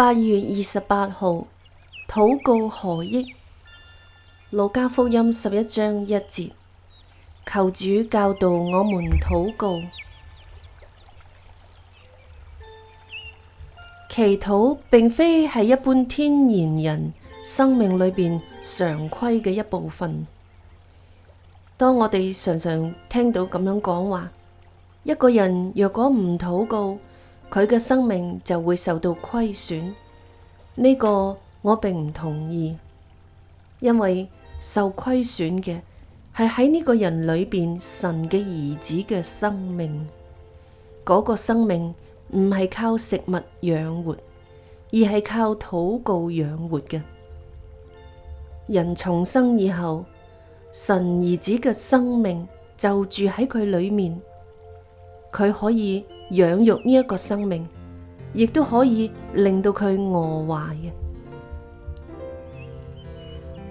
八月二十八號，禱告何益？路加福音十一章一節，求主教導我們禱告。祈禱並非係一般天然人生命裏邊常規嘅一部分。當我哋常常聽到咁樣講話，一個人若果唔禱告，佢嘅生命就會受到虧損，呢個我並唔同意，因為受虧損嘅係喺呢個人裏邊神嘅兒子嘅生命，嗰個生命唔係靠食物養活，而係靠禱告養活嘅。人重生以後，神兒子嘅生命就住喺佢裡面。佢可以養育呢一個生命，亦都可以令到佢餓壞嘅。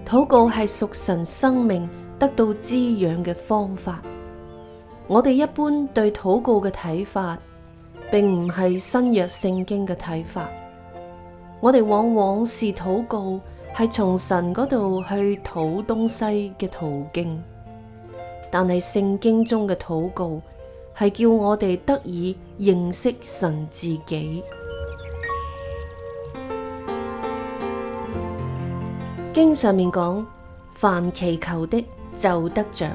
禱告係屬神生命得到滋養嘅方法。我哋一般對禱告嘅睇法，並唔係新約聖經嘅睇法。我哋往往視禱告係從神嗰度去討東西嘅途徑，但係聖經中嘅禱告。係叫我哋得以認識神自己。經上面講，凡祈求的就得着。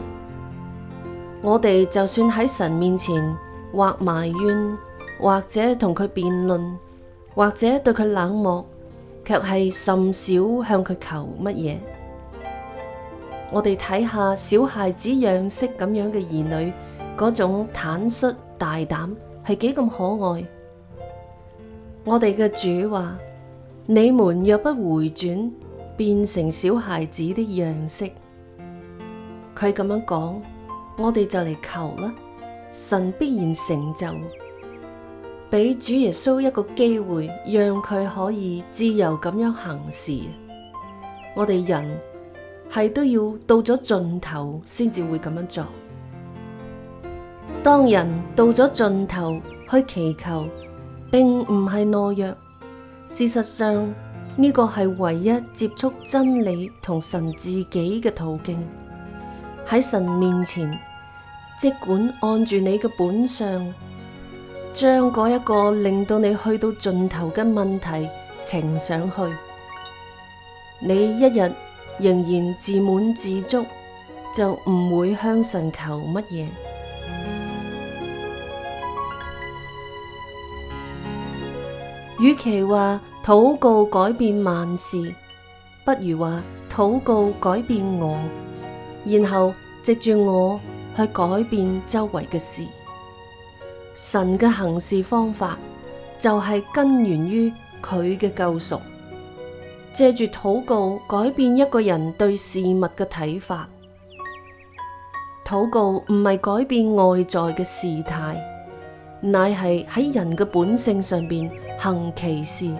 我哋就算喺神面前或埋怨，或者同佢辯論，或者對佢冷漠，卻係甚少向佢求乜嘢。我哋睇下小孩子樣式咁樣嘅兒女。嗰種坦率大膽係幾咁可愛。我哋嘅主話：你們若不回轉，變成小孩子的樣式，佢咁樣講，我哋就嚟求啦。神必然成就，俾主耶穌一個機會，讓佢可以自由咁樣行事。我哋人係都要到咗盡頭，先至會咁樣做。當人到咗盡頭去祈求，並唔係懦弱。事實上，呢、這個係唯一接觸真理同神自己嘅途徑。喺神面前，即管按住你嘅本相，將嗰一個令到你去到盡頭嘅問題呈上去。你一日仍然自滿自足，就唔會向神求乜嘢。與其話禱告改變萬事，不如話禱告改變我，然後藉住我去改變周圍嘅事。神嘅行事方法就係、是、根源於佢嘅救贖，借住禱告改變一個人對事物嘅睇法。禱告唔係改變外在嘅事態。乃係喺人嘅本性上邊行其事。